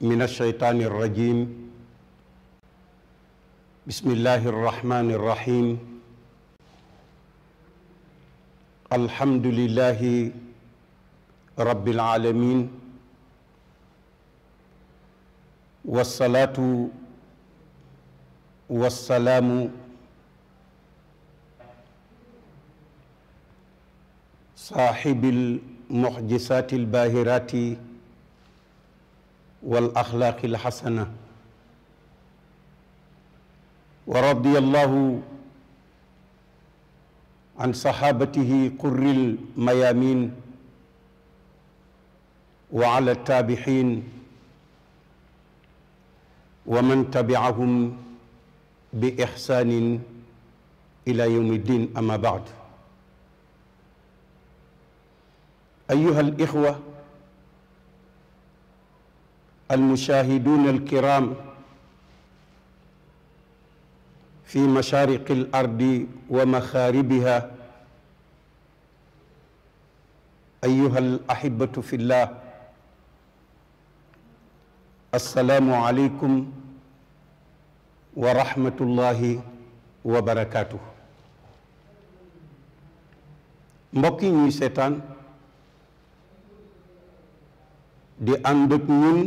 من الشيطان الرجيم بسم الله الرحمن الرحيم الحمد لله رب العالمين والصلاة والسلام صاحب mucjisaati albaahiraati wal axlaaqi alxasana wa radiya allahu an saxaabatihi qurril mayaamin wa ala taabixiin wa man tabi'ahum bi ixsaanin ila yawmi diin amma baad أيها الإخوة المشاهدون الكرام في مشارق الأرض ومخاربها أيها الأحبة في الله السلام عليكم ورحمة الله وبركاته mbokk yi ñuy seetaan di ànd ak ñun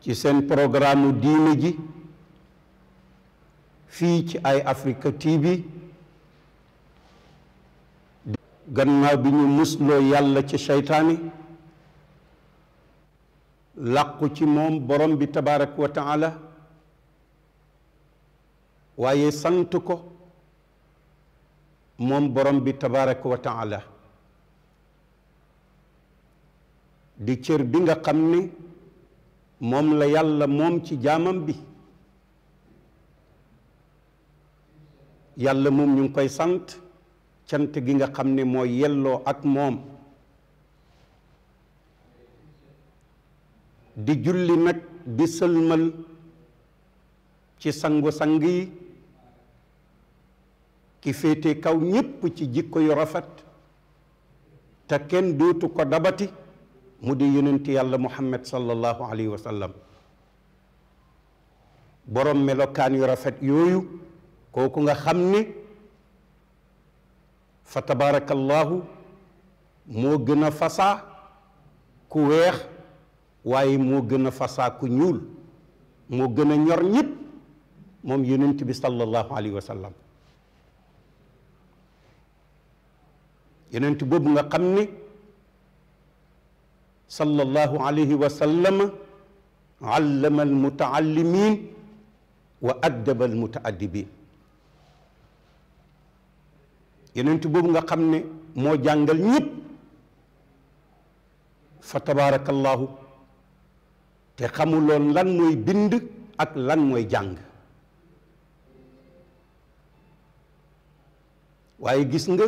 ci seen programme diine ji fii ci ay Africa TV gannaaw bi ñu musloo yàlla ci seytaani làqu ci moom borom bi tabaaraka wa taala waaye sant ko moom borom bi tabaaraka wa taala di cër bi nga xam ni moom la yàlla moom ci jaamam bi yàlla moom ñu ngi koy sant cant gi nga xam ni moo yelloo ak moom di julli nag di sëlmal ci sangu-sang yi ki féete kaw ñépp ci jikko yu rafet te kenn dootu ko dabati mu di yonent yàlla muhammad sallallahu alayhi wa sallam borom melokaan yu rafet yooyu kooku nga xam ni fa tabarakallahu moo gën a fasaa ku weex waaye moo gën a fasaa ku ñuul moo gën a ñor ñëpp moom yonent bi sallallahu alayhi wa sallam yonent boobu nga xam ni sallallahu alayhi wa sallam allama almutaallimin wa addaba almutaaddibiin yonent boobu nga xam ne moo jàngal ñëpp fa tabaarakallahu te xamuloon lan mooy bind ak lan mooy jàng waaye gis nga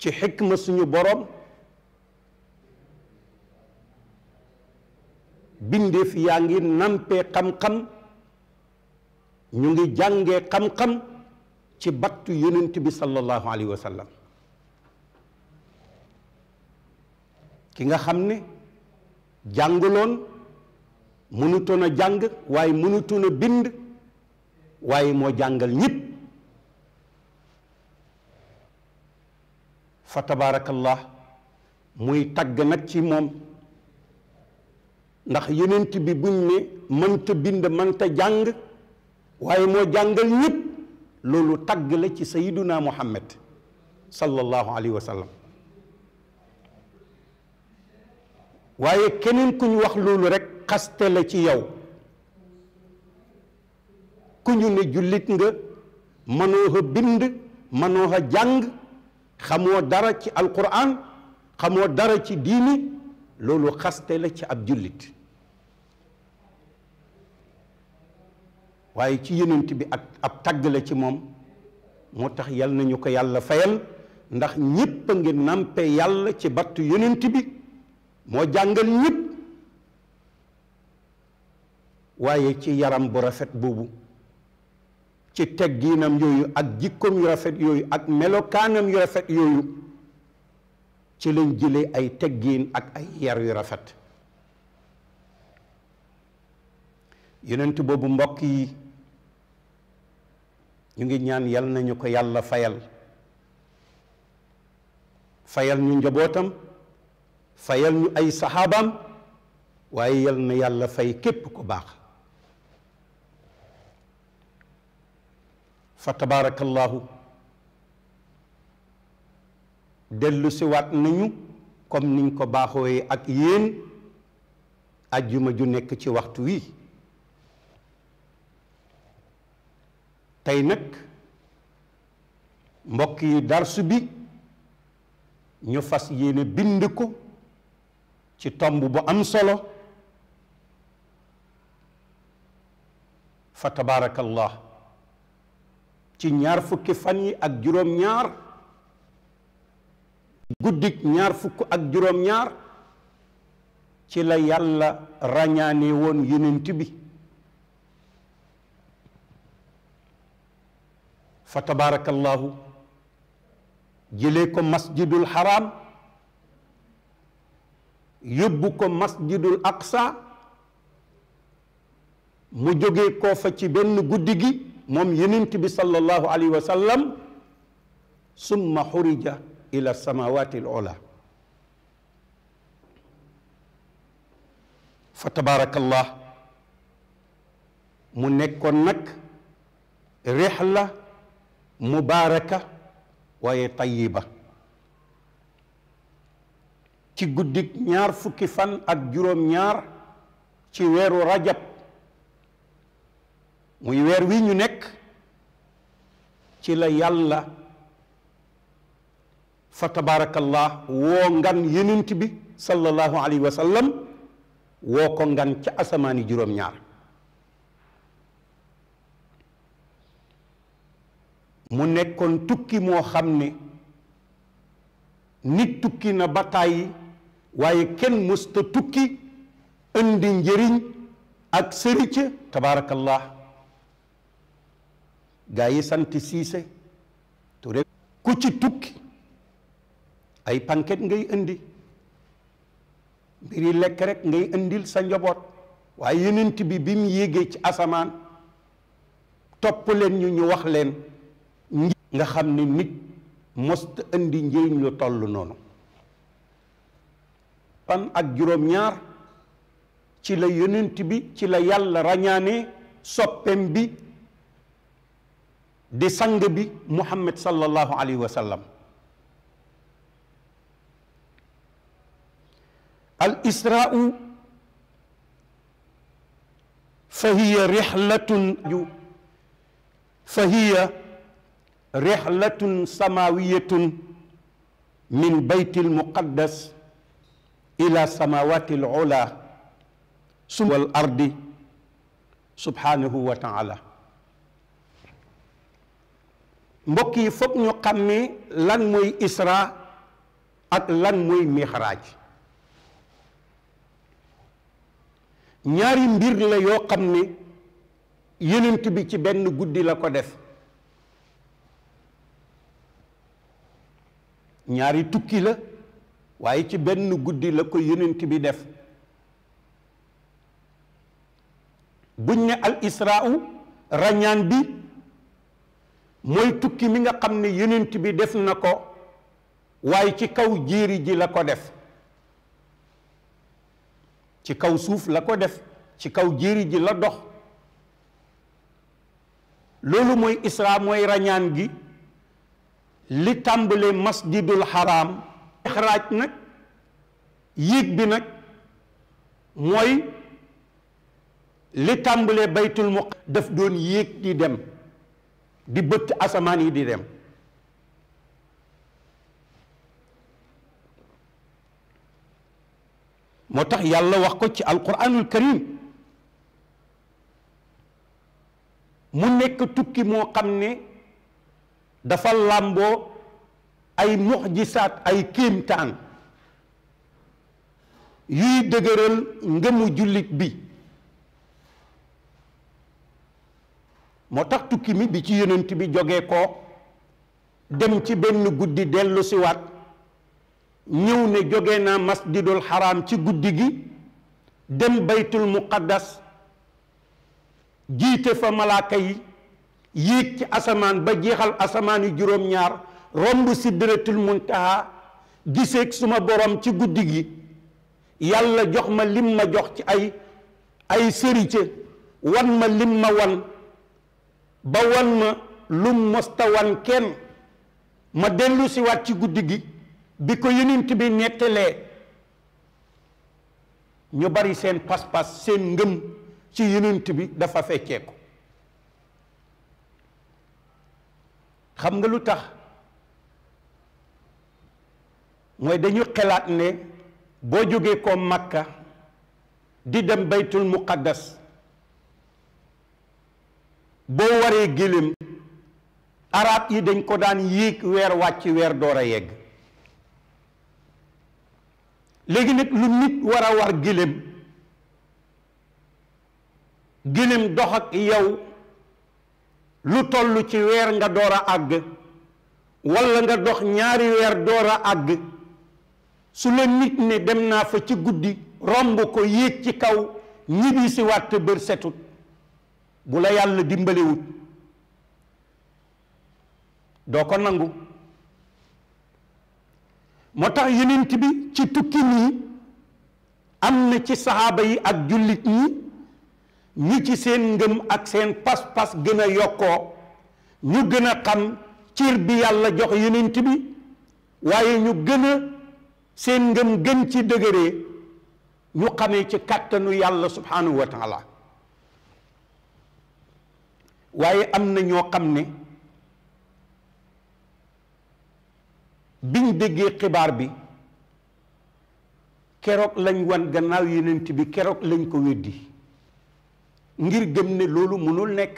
ci xikma suñu boroom bindeef yaa ngi nampee xam-xam ñu ngi jàngee xam-xam ci battu yonent bi sallallahu alayhi wa ki nga xam ni jànguloon mënutoon a jàng waaye mënutoon a bind waaye moo jàngal ñépp fa tabaarakallah muy tagg nag ci moom ndax yonent bi buñ ne mënta bind mënta jàng waaye moo jàngal ñëpp loolu tagg la ci sayiduna muhammad sallallahu alayhi wa sallam waaye keneen ku ñu wax loolu rekk xaste la ci yow ku ñu ne jullit nga mënoo a bind mënoo a jàng xamoo dara ci alquran xamoo dara ci diini loolu xaste la ci ab jullit waaye ci yonent bi ak ab tàgg la ci moom moo tax yal nañu ko yàlla fayal ndax ñépp a ngi nàmpe yàlla ci battu yonent bi moo jàngal ñépp waaye ci yaram bu rafet boobu ci teggiinam yooyu ak jikkoom yu rafet yooyu ak melokaanam yu rafet yooyu ci lañ jële ay teggiin ak ay yar yu rafet yonent boobu mbokk yi ñu ngi ñaan yal nañu ko yàlla fayal fayal ñu njabootam fayal ñu ay saxaabaam waaye yal na yàlla fay képp ko baax fa tabaarakallaahu dellu si nañu comme niñ ko baaxooyee ak yéen ajjuma ju nekk ci waxtu wi tey nag mbokk yi darsu bi ñu fas yéene bind ko ci tomb bu am solo fa tabaarakallah ci ñaar fukki fan yi ak juróom-ñaar guddik ñaar fukk ak juróom-ñaar ci la yàlla ràññaane woon yonent bi fa tabaarakallaahu jëlee ko masjidul haram yóbbu ko masjidul aqsa mu jógee koo ci benn guddi gi moom yonent bi sallallahu alayhi wa sallam summa xurija ila samawati al ula fa tabaarakallah mu nekkoon nag rihla mubaaraka waaye tayiba ci guddik ñaar fukki fan ak juróom ñaar ci weeru rajab muy weer wi ñu nekk ci la yàlla fa tabaarakallah woo ngan yenent bi sallallahu alayhi wa sallam woo ko ngan ca asamaani juróom ñaar mu nekkoon tukki moo xam ne nit tukki na ba tàyyi waaye kenn mësta tukki indi njëriñ ak sërica tabaarakallah gaa yi sant siise ture ku ci tukki ay panket ngay indi mbiri lekk rekk ngay indil sa njaboot waaye yenent bi bi mu yéegee ci asamaan topp leen ñu ñu wax leen nga xam ni nit most indi njëriñ lu toll noonu pan ak juróom-ñaar ci la yonent bi ci la yàlla rañaane soppem bi di sang bi muhammad sallallahu alayhi wa al israu fa hiya rixlatun fa hiya rihlatun samawiyatun min la muqaddas ila samawatil ula wal ardi subhanahu wa taala mbokk yi foog ñu lan mooy isra ak lan mooy mixraaj ñaari mbir la yoo xam ni yonent bi ci benn guddi la ko def ñaari tukki la waaye ci benn guddi la ko yonent bi def buñ ne al israa'u rañaan bi mooy tukki mi nga xam ne yonent bi def na ko waaye ci kaw jéeri ji la ko def ci kaw suuf la ko def ci kaw jéeri ji la dox loolu mooy israa mooy rañaan gi li tàmbale masjidul haram ixraaj nag yéeg bi nag mooy li tàmbale baytul muq daf doon yéeg di dem di bëtt asamaan yi di dem moo tax yàlla wax ko ci alquranul karim mu nekk tukki moo xam ne dafa làmboo ay muxjisaat ay kéemtaan yuy dëgëral ngëmu jullit bi moo tax tukki mi bi ci yonent bi joge ko dem ci benn guddi dellu ñëw ne jóge naa masjidul xaraam ci guddi gi dem baytul muqaddas jiite fa malaaka yi yéeg ci asamaan ba jeexal asamaan yu juróom-ñaar romb sidratul muntaha giseeg suma borom ci guddi gi yàlla jox ma lim ma jox ci ay ay sërite wan ma lim ma wan ba wan ma lum mosta wan kenn ma dellu si waat ci guddi gi bi ko yenint bi nettalee ñu bari seen pas-pas seen ngëm ci yenint bi dafa fekkee ko xam nga lu tax mooy dañu xelaat ne boo jógee ko Makka di dem baytul muqaddas boo waree gilim arab yi dañ ko daan yéeg weer wàcc weer door a yegg léegi nag lu nit war a war gilim gilim dox ak yow lu toll ci weer nga door a àgg walla nga dox ñaari weer door a àgg su la nit ne dem naa fa ci guddi romb ko yéeg ci kaw ñibbi si wàtt bër setut bu la yàlla dimbalewut doo ko nangu moo tax yonent bi ci tukki nii am na ci saxaaba yi ak jullit ñi ñu ci seen ngëm ak seen pas-pas gën a yokkoo ñu gën a xam cir bi yàlla jox yonent bi waaye ñu gën a seen ngëm gën ci dëgëree ñu xamee ci kàttanu yàlla subhanahu wa taala waaye am na ñoo xam ne biñ déggee xibaar bi keroog lañ wan gannaaw yonent bi keroog lañ ko weddi ngir gëm ne loolu mënul nekk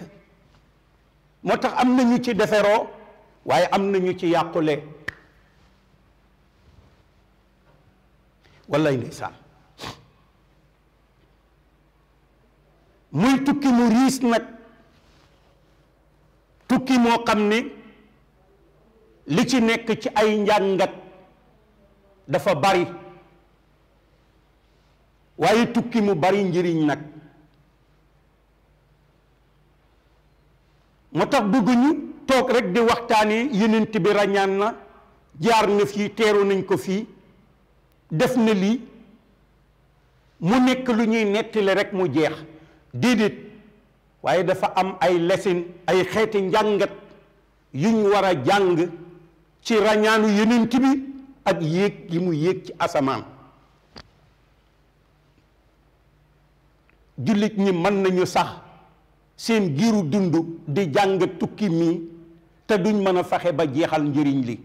moo tax am na ñu ci deferoo waaye am na ñu ci yàqule wallay ndeysaan muy tukki mu riis nag tukki moo xam ne li ci nekk ci ay njàngat dafa bari waaye tukki mu bari njëriñ nag moo tax bëgguñu toog rek di waxtaani yenent bi ràññaan na jaar na fii teeru nañ ko fii def na lii mu nekk lu ñuy nettali rekk mu jeex déedéet waaye dafa am ay lesin ay xeeti njàngat yuñ war a jàng ci ràññaanu yenent bi ak yéeg gi mu yéeg ci asamaan jullit ñi mën nañu sax seen giiru dund di jàng tukki mi te duñ mën a faxe ba jeexal njëriñ li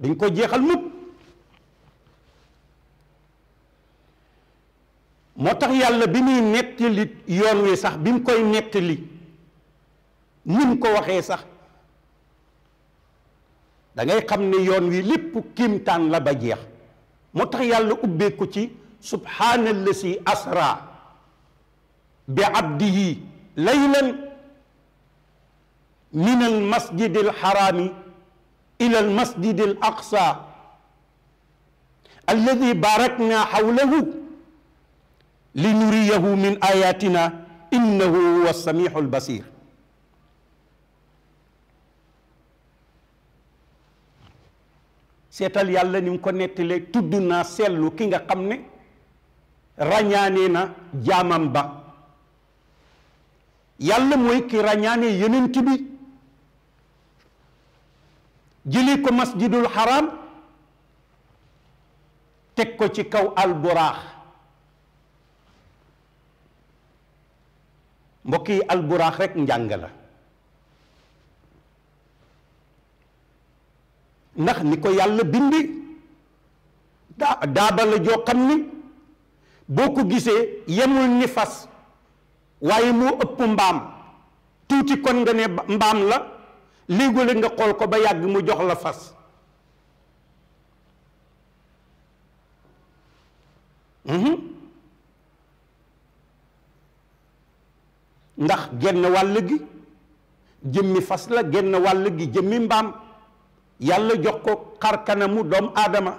dañ ko jeexal mukk moo tax yàlla bi muy nettali yoon wi sax bi mu koy nettali nim ko waxee sax dangay xam ne yoon wi lépp kiimtaan la ba jeex moo tax yàlla ubbee ci subhaanallazi asra bi abdihi laylan min al masjid al harami ila al masjid al aqsa alladi barakna hawlahu linuriyahu min ayatina innahu huwa samihu albasir seetal yàlla ni mu ko nettalee tudd naa seetlu ki nga xam ne ràññaanee na jaamam ba yàlla mooy ki rañaane yonent bi jëli ko masjidul haram teg ko ci kaw alburaax mbokk yi alburaax rekk njàng la ndax ni ko yàlla bindi daa daaba la joo xam boo ko gisee yemul ni fas waaye moo ëpp mbaam tuuti kon nga ne mbaam la léegi nga xool ko ba yàgg mu jox la fas mhm. ndax genn wàll gi jëmmi fas la genn wàll gi jëmmi mbaam yàlla jox ko xar kanamu doomu aadama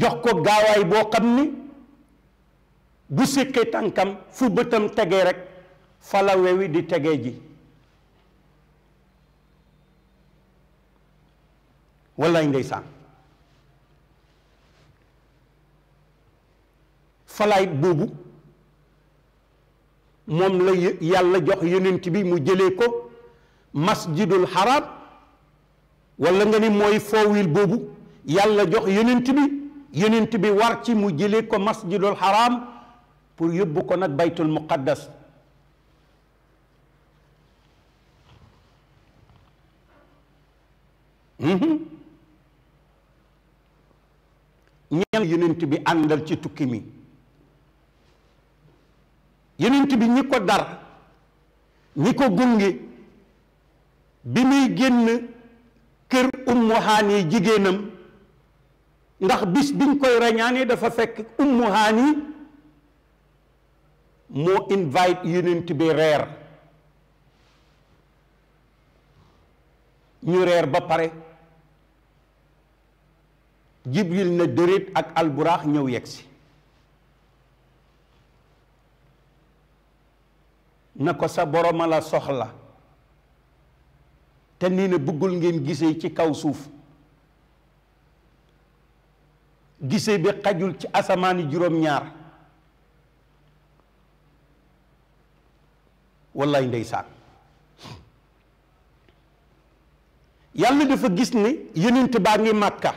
jox ko gaawaay boo xam ni bu sikkee tànkam fu bëtam tege rekk fala wewi di tege ji wallaay ndeysaan falaay boobu moom la yàlla jox yonent bi mu jële ko masjidul haram wala nga ni mooy foowil boobu yàlla jox yonent bi yonent bi war ci mu jële ko masjidul haram pour yóbbu ko nag baytul muqaddas mhm. ñeen yonent bi àndal ci tukki mi yonent bi ñi ko dar ñi ko gunge bi muy génn kër ummu haani jigéenam ndax bis biñ koy rañaane dafa fekk ummu haani moo invite yonent bi reer ñu reer ba pare jibril na dëreet ak alburaax ñëw si na ko sa boroma la soxla te nii na bëggul ngeen gisee ci kaw suuf gise bi xajul ci asamaani juróom-ñaar wallaay ndeysaan yàlla dafa gis ni yonent baa ngi màkka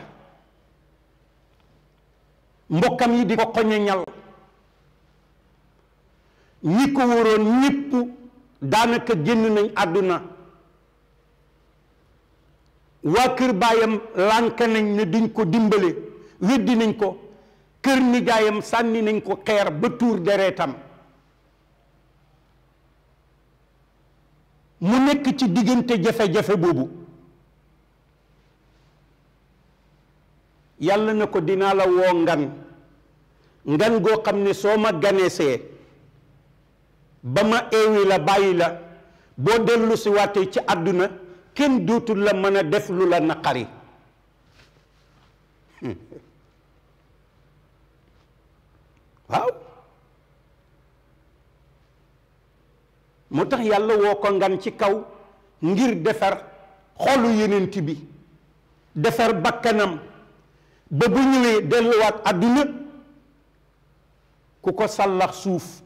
mbokkam yi di ko xoñoñal ñi ko wóoroon ñépp daanaka génn nañ àdduna waa kër baayam lànk nañ ne duñ ko dimbale weddi nañ ko kër nijaayam sànni nañ ko xeer ba tuur deretam mu nekk ci diggante jafe-jafe boobu yàlla na ko dinaa la woo ngan ngan goo xam ne soo ma ganeesee ba ma eewi la bàyyi la boo dellu si ci àdduna kenn dootul la mën a def lu la naqari waaw moo tax yàlla woo ko ngan ci kaw ngir defar xolu yenent bi defar bakkanam ba bu ñëwee delluwaat àdduna ku ko sàllax suuf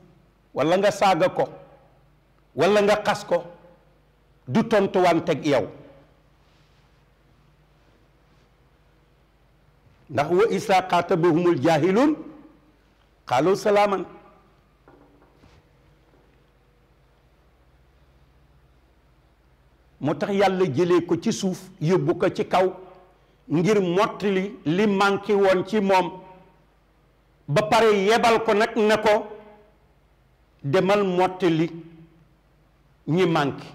walla nga saaga ko walla nga xas ko du tontuwanteg yow ndax wa isa xaatabahumul jaahiluun qaalu salaaman moo tax yàlla jële ko ci suuf yóbbu ko ci kaw ngir mottali li manqué woon ci moom ba pare yebal ko nag ne ko demal li ñi manqué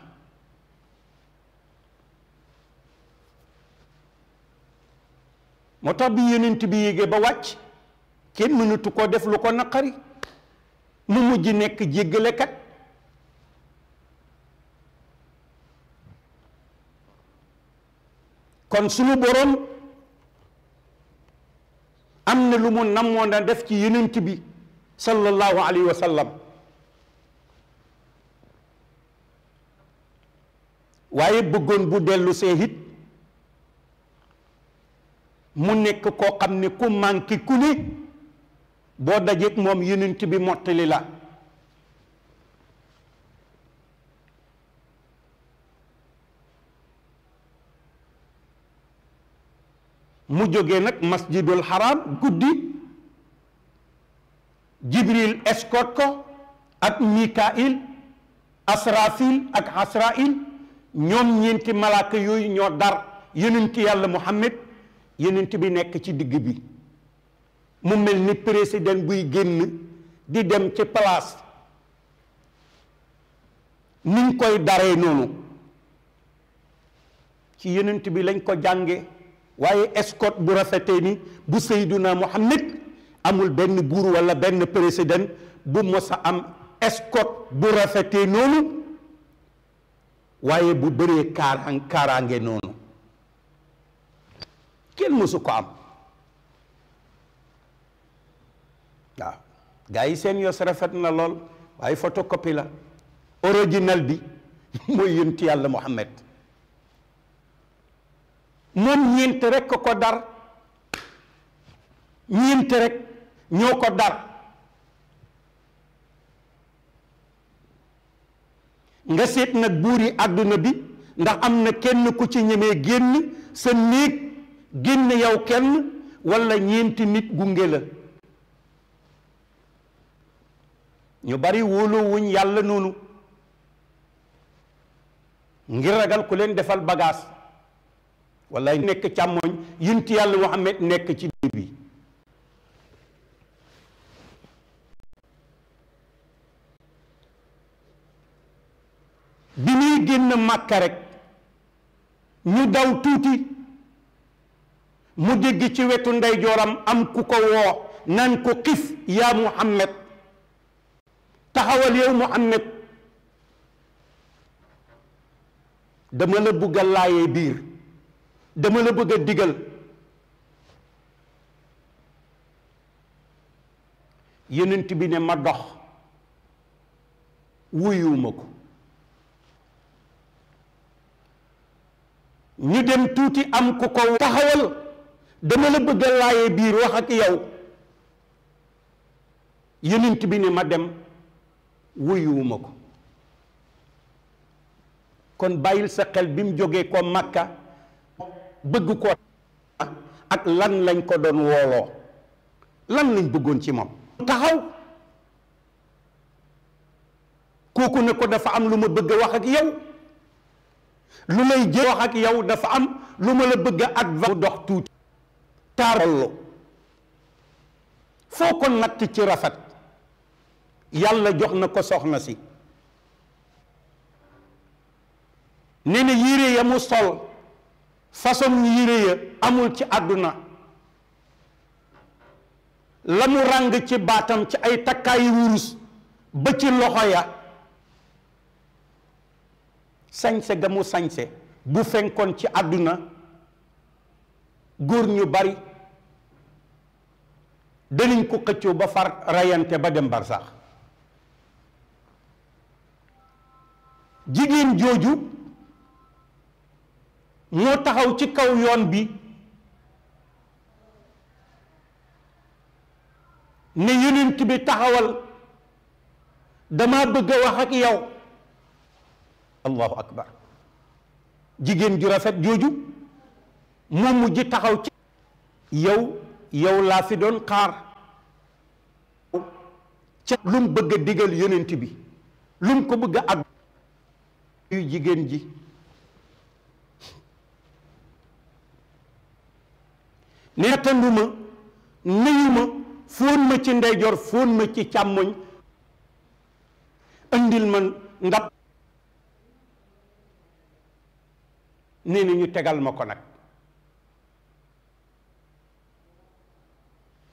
moo tax bi yonent bi yéegee ba wàcc kenn mënatu koo def lu ko naqari mu mujj nekk jéggalekat kon suñu boroom am na lu mu namoon na def ci yonent bi sallallahu alayhi wa waaye bëggoon bu dellu see it mu nekk koo xam ne ku manqué ku ne boo dajeeg moom yonent bi mottali la mu jóge nag masjidul haram guddi jibril escorte ko ak mikail asrafil ak asrail ñoom ñeenti malaaka yooyu ñoo dar yonent yàlla muhammad yonent bi nekk ci digg bi mu mel ni président buy génn di dem ci palaas niñ koy daree noonu ci yonent bi lañ ko jànge waaye escorte bu rafetee ni bu Seydina Muhammad amul benn buur wala benn président bu mos a am escorte bu rafetee noonu waaye bu bëree kaaraan kaaraange noonu kenn mosu ko am waaw gars yi seen yos rafet na lool waaye photocopie la original bi mooy yonent yàlla Muhammad moom ñeent rek ko dar ñeent rek ñoo ko dar nga seet nag yi àdduna bi ndax am na kenn ku ci ñemee génn sa néeg génn yow kenn walla ñeenti nit gunge la ñu bari wóoloo wuñ yàlla noonu ngir ragal ku leen defal bagaas walla nekk càmmoñ yunti yàlla Muhammad nekk ci biir bi bi muy génn màkka rek ñu daw tuuti mu dégg ci wetu ndeyjooram am ku ko woo naan ko xif yaa Muhammad taxawal yow Muhammad dama la bugg laayee biir dama la bëgg digal yonent bi ne ma dox wuyuwuma ko ñu dem tuuti am ku ko taxawal dama la bëgg laaye biir wax ak yow yonent bi ne ma dem wuyuwuma ko kon bàyyil sa xel bi mu jógee ko Makka bëgg ko ak lan lañ ko doon wooloo lan lañ bëggoon ci moom taxaw kooku ne ko dafa am lu ma bëgg wax ak yow lu may jë wax ak yow dafa am lu ma la bëgg ak mu dox tuuti taarallu foo ko natt ci rafet yàlla jox na ko soxna si nee na yére ya mu sol façon yére ya amul ci àdduna la mu ràng ci baatam ci ay takkaayu wurus ba ci loxo ya sañse ga mu sañse bu fenkoon ci àdduna góor ñu bari danañ ko xëccoo ba far rayante ba dem barsax jigéen jooju moo taxaw ci kaw yoon bi ne yonent bi taxawal dama bëgg wax ak yow allahu akbar jigéen ju rafet jooju moom mujj taxaw ci yow yow laa fi doon xaar ca lu mu bëgg digal yonent bi lu mu ko bëgg a ak jigéen ji ne attandu ma nuyu ma ma ci ndeyjoor fóon ma ci càmmoñ andil ma ndab nee na ñu tegal ma ko nag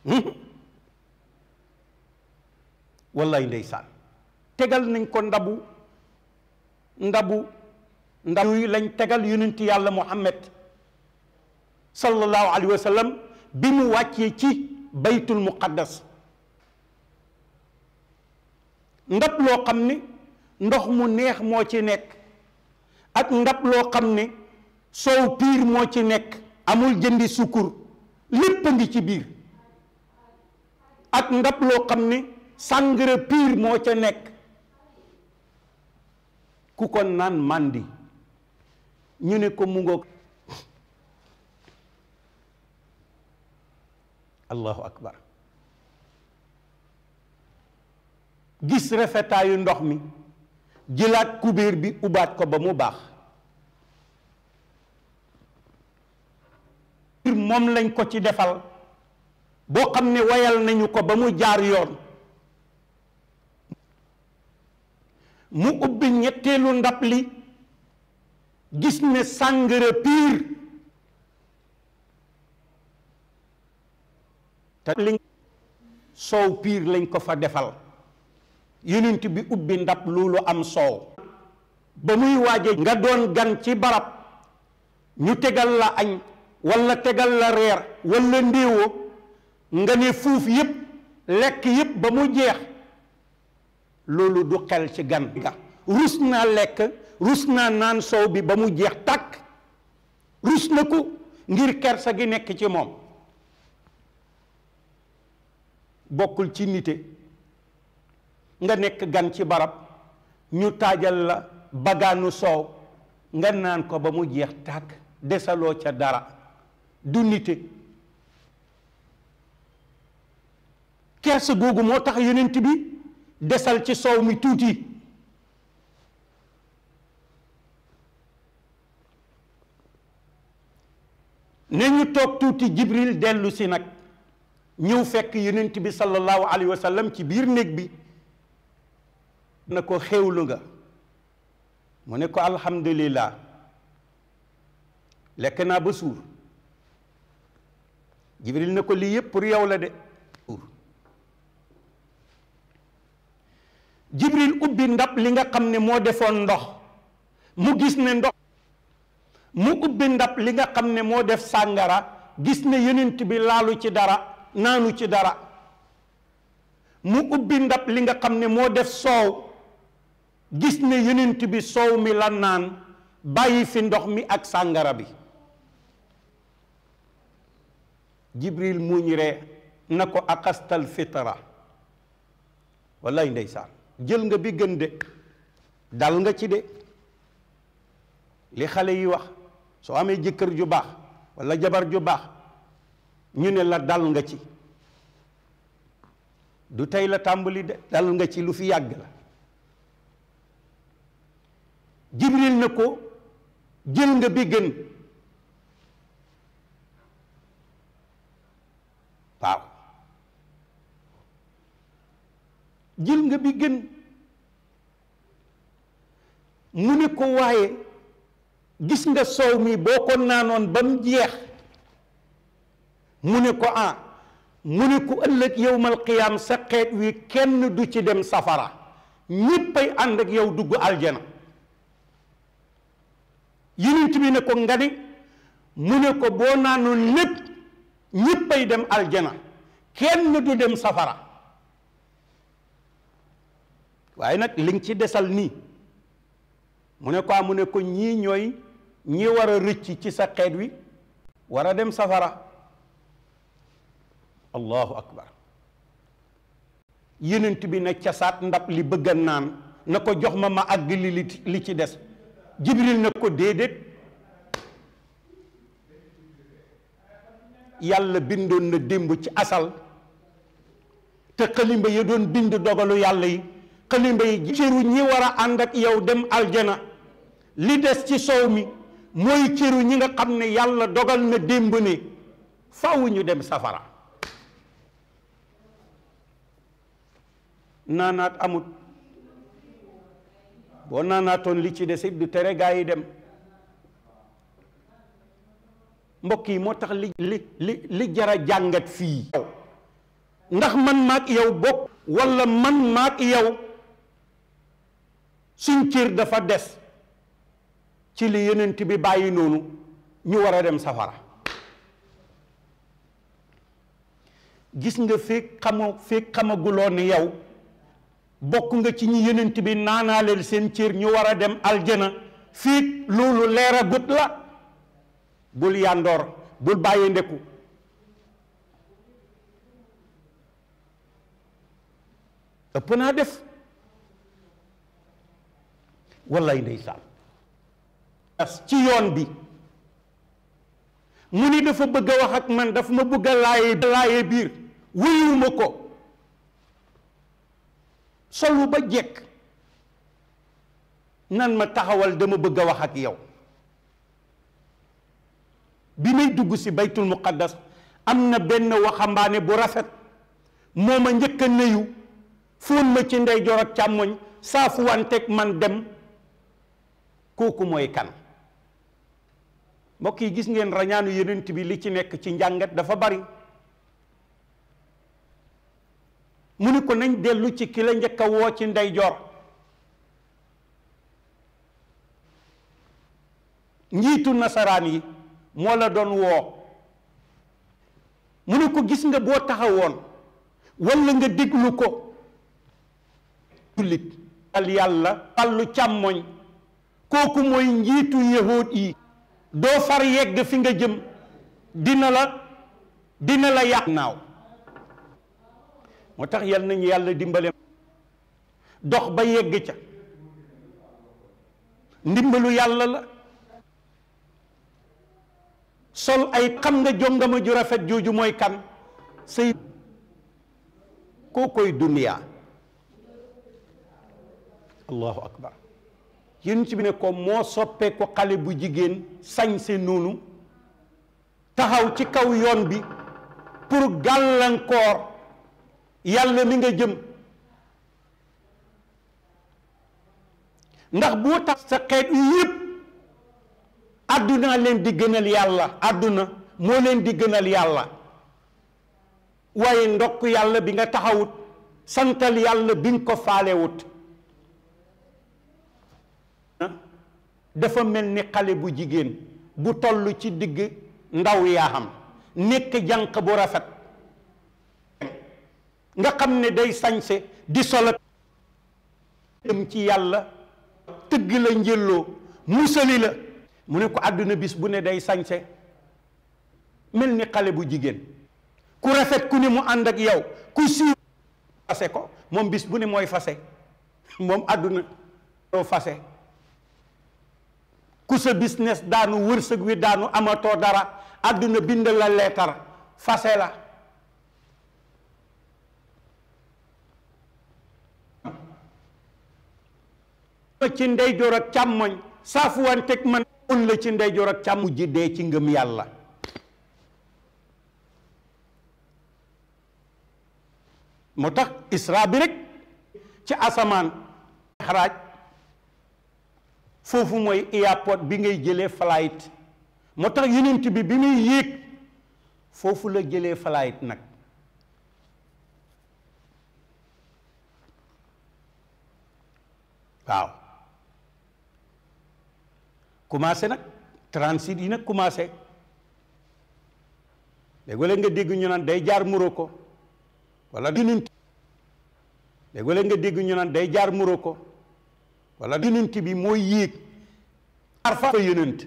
hmm? wallaay ndeysaan tegal nañ ko ndabu ndabu ndabu lañ tegal yu yonent yàlla Muhammad sallallahu alayhi wa bi mu wàccee ci baytul muqaddas ndab loo xam ni ndox mu neex moo ci nekk ak ndab loo xam ni soow piir moo ci nekk amul jëndi sukkur lépp a ngi ci biir ak ndab loo xam ni sàngara piir moo ci nekk ku ko naan màndi ñu ne ko mu ngoog allahu akbar gis rafetaayu ndox mi jëlaat kubéer bi ubaat ko ba mu baax moom lañ ko ci defal boo xam ne wayal nañu ko ba mu jaar yoon mu ubbi ñetteelu ndab li gis ne sàngara piir te soow piir lañ ko fa defal yonent bi ubbi ndab loolu am soow ba muy waaje nga doon gan ci barab ñu tegal la añ walla tegal la reer walla ndéewoo nga ne fuuf yépp lekk yépp ba mu jeex loolu du xel ci gan ga rus naa lekk rus naa naan soow bi ba mu jeex tàkk rus na ko ngir kersa gi nekk ci moom bokkul ci nite nga nekk gan ci barab ñu taajal la bagaanu soow nga naan ko ba mu jeex tàkk desaloo ca dara du nite kersa googu moo tax yonent bi desal ci soow mi tuuti ne ñu toog tuuti jibril dellu nag ñëw fekk yonent bi sallallahu alayhi wa sallam ci biir néeg bi na ko xéewlu nga mu ne ko alhamdulillah lekk naa ba suur jibril na ko lii yëpp pour yow la de jibril ubbi ndab li nga xam ne moo defoon ndox mu gis ne ndox mu ubbi ndab li nga xam ne moo def sàngara gis ne yonent bi laalu ci dara naanu ci dara mu ubbi ndab li nga xam ne moo def soow gis ne yonent bi soow mi la naan bàyyi fi ndox mi ak sàngara bi jibril muuñ ree na ko akastal fitra wallaay ndeysaan jël nga bi gën de dal nga ci de li xale yi wax soo amee jëkkër ju baax walla jabar ju baax ñu ne la dal nga ci du tey la tàmbali de dal nga ci lu fi yàgg la jibril na ko jël nga bi gën waaw jël nga bi gën mu ne ko waaye gis nga soow mi boo naa noon ba mu jeex mu ne ko ah mu ne ko ëllëg yowmal qiyaam sa xeet wi kenn du ci dem safara ñéppay ànd ak yow dugg aljana yonent bi ne ko nga ni mu ne ko boo naanoon lépp ñéppay dem aljana kenn du dem safara waaye nag li nga ci desal nii mu ne ko ah, mu ne ko ñii ñooy ñi war a rëcc ci sa xeet wi war a dem safara allahu akbar yenent bi ne casaat ndab li bëgga a naan na ko jox ma ma àgg li li ci des jibril na ko déedéet yàlla bindoon na démb ci asal te xalimba ya doon bind dogalu yàlla yi xalimba yi cëru ñi war a ànd ak yow dem aljana li des ci soow mi mooy cëru ñi nga xam ne yàlla dogal na démb ne faaw ñu dem safara naanaat amut boo naanaatoon li ci des du tere gaa yi dem mbokk yi moo tax li li li li jara jàngat fii ndax man maag yow bokk walla man maag yow suñ cër dafa des ci li yenent bi bàyyi noonu ñu war a dem safara gis nga fekk xamoo fekk xamaguloo ni bokk nga ci ñi yonent bi naanaaleel seen cër ñu war a dem aljana fii loolu leer a gut la bul yàndoor bul bàyyi ndeku ëpp naa def wallay ndeysaan as ci yoon bi mu ni dafa bëgg a wax ak man dafa ma bëgg laaye laaye biir wuyuwuma ko solu ba jekk nan ma taxawal dama bëgg a wax ak yow bi may dugg si baytul muqaddas am na benn waxambaane bu rafet moo ma njëkk a nuyu fóon ma ci ndeyjoor ak càmmoñ saafuwanteeg man dem kooku mooy kan mbokk yi gis ngeen rañaanu yonent bi li ci nekk ci njàngat dafa bari mu ni ko nañ dellu ci ki njëkka woo ci ndeyjoor njiitu nasaraan yi moo la doon woo mu ni ko gis nga boo taxawoon walla nga déglu ko jullit yàlla wàllu càmmoñ kooku mooy njiitu yahood yi doo far yegg fi nga jëm dina la dina la yàq naaw moo tax yal nañu yàlla dimbale dox ba yegg ca ndimbalu yàlla la sol ay xam nga jongama ju rafet jooju mooy kan say koo koy duniyaa allahu akbar yéen ci bi ne ko moo soppee ko xale bu jigéen sañ se noonu taxaw ci kaw yoon bi pour gàllankoor yàlla mi nga jëm ndax boo tax sa xeet yépp àdduna leen di gënal yàlla àdduna moo leen di gënal yàlla waaye ndokk yàlla bi nga taxawut santal yàlla bi nga ko faalewut dafa mel ni xale bu jigéen bu tollu ci digg ndaw yaa xam nekk jànq bu rafet nga xam ne day sañse di solo dem ci yàlla tëgg la njëlloo musali la mu ne ko àdduna bis bu ne day sañse mel ni xale bu jigéen ku rafet ku ni mu ànd ak yow ku siiw ko moom bis bu ne mooy fase moom àdduna doo fase ku sa business daanu wërsëg wi daanu amatoo dara àdduna bind la leetar fase la ci ndeyjoor ak càmmoñ saafuwanteeg man la ci ndeyjoor ak càmm ji dee ci ngëm yàlla moo tax isra bi rek ci asamaan xaraaj foofu mooy airport bi ngay jëlee flight moo tax yonent bi bi muy yéeg foofu la jëlee flight nag waaw commencé nag transit yi nag commencé léeg-léeg nga dégg ñu naan day jaar Morocco wala yonent léeg nga dégg ñu day jaar Morocco wala yonent bi moo yéeg jaar fa yonent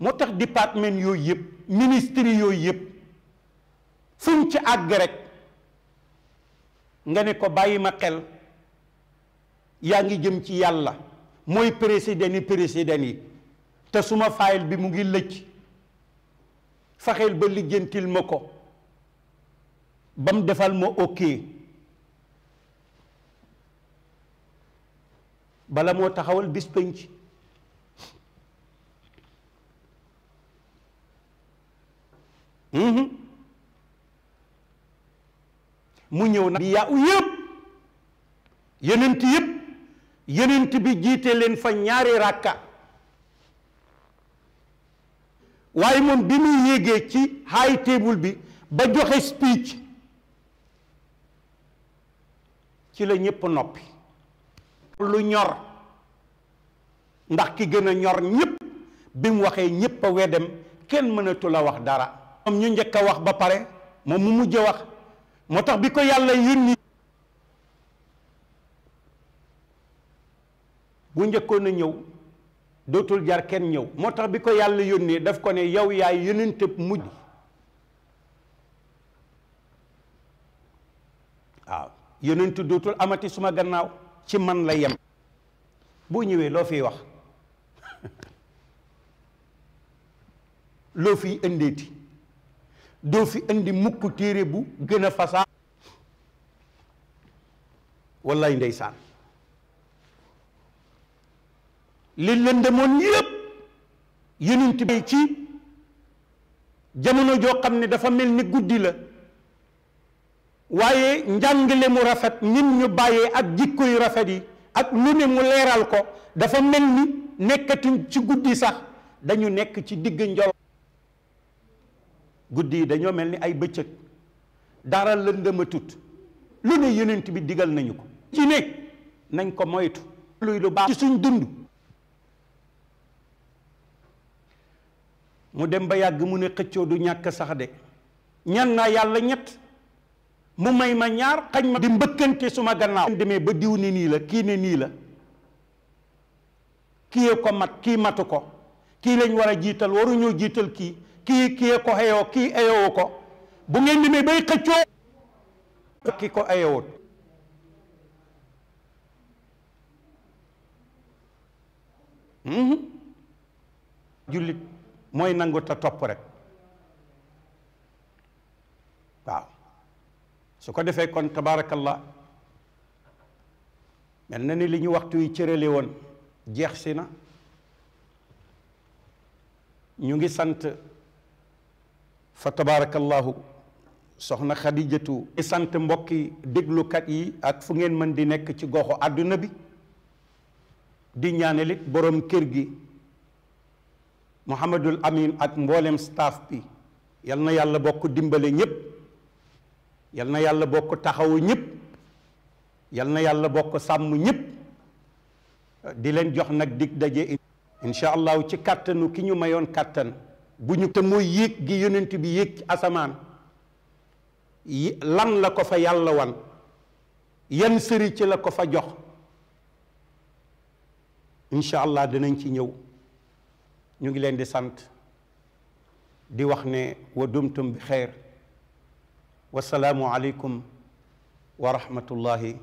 moo tax département yooyu yëpp ministre yooyu yëpp fuñ ci àgg rek nga ne ko bàyyi ma xel yaa ngi jëm ci yàlla mooy président yi président yi te suma fayil bi mu ngi lëcc faxeel ba lijjantil ma ko ba mu defal ma ok bala moo taxawal bis penc mhm. mu ñëw nag bi yaa u yenent yëpp yenent bi jiite leen fa ñaari ràkka waaye moom bi muy yéegee ci high table bi ba joxe speech ci la ñépp noppi lu ñor ndax ki gën a ñor ñépp bi waxee ñépp a weddem kenn mënatul a wax dara moom ñu njëkk a wax ba pare moom mu mujj a wax moo tax bi ko yàlla yónni bu njëkkoon a ñëw dootul jar kenn ñëw moo tax bi ko yàlla yónnee daf ko ne yow yaay yónnente mujj waaw yónnente dootul amati suma gannaaw ci man la yem boo ñëwee loo fiy wax loo fiy indeeti doo fi indi mukk téere bu gën a fasaa wallaay ndeysaan li lëndëmoon yépp yonent bi ci jamono joo xam ne dafa mel ni guddi la waaye njàngale mu rafet nit ñu bàyyee ak jikko yu rafet yi ak lu ne mu leeral ko dafa mel ni nekkatuñ ci guddi sax dañu nekk ci digg njol guddi yi dañoo mel ni ay bëccëg dara lëndëmatut lu ne yonent bi digal nañu ko ci ne nañ ko moytu luy lu baax ci suñ dund mu dem ba yàgg mu ne xëccoo du ñàkk sax de ñan naa yàlla ñett mu may ma ñaar xañ ma di mbëkkante suma gannaaw demee ba diw ne nii la kii ne nii la kii ko mat kii matu ko kii lañ war a jiital waruñoo jiital kii kii kii ko xeyoo ko bu ngeen demee hmm? jullit mooy nangu te topp rek waaw su ko defee kon tabaarakallah mel na ni li ñu waxtu yi cërale woon jeex si na ñu ngi sant fa tabaarakallahu soxna xadijatu i sant mbokki déglukat yi ak fu ngeen mën di nekk ci goxu àdduna bi di it boroom kër gi Mouhamadul Amin ak mboolem staff bi yal na yàlla bokk dimbale ñëpp yal na yàlla bokk taxawu ñëpp yal na yàlla bokk sàmm ñëpp di leen jox nag dig daje incha allahu ci kàttanu ki ñu mayoon kàttan bu ñu te mooy yéeg gi yonent bi yéeg ci asamaan lan la ko fa yàlla wan yan sëri ci la ko fa jox incha allah dinañ ci ñëw ñu ngi leen di sant di wax ne wa dumtum bi xeer wasalaamu aleykum wa rahmatullahi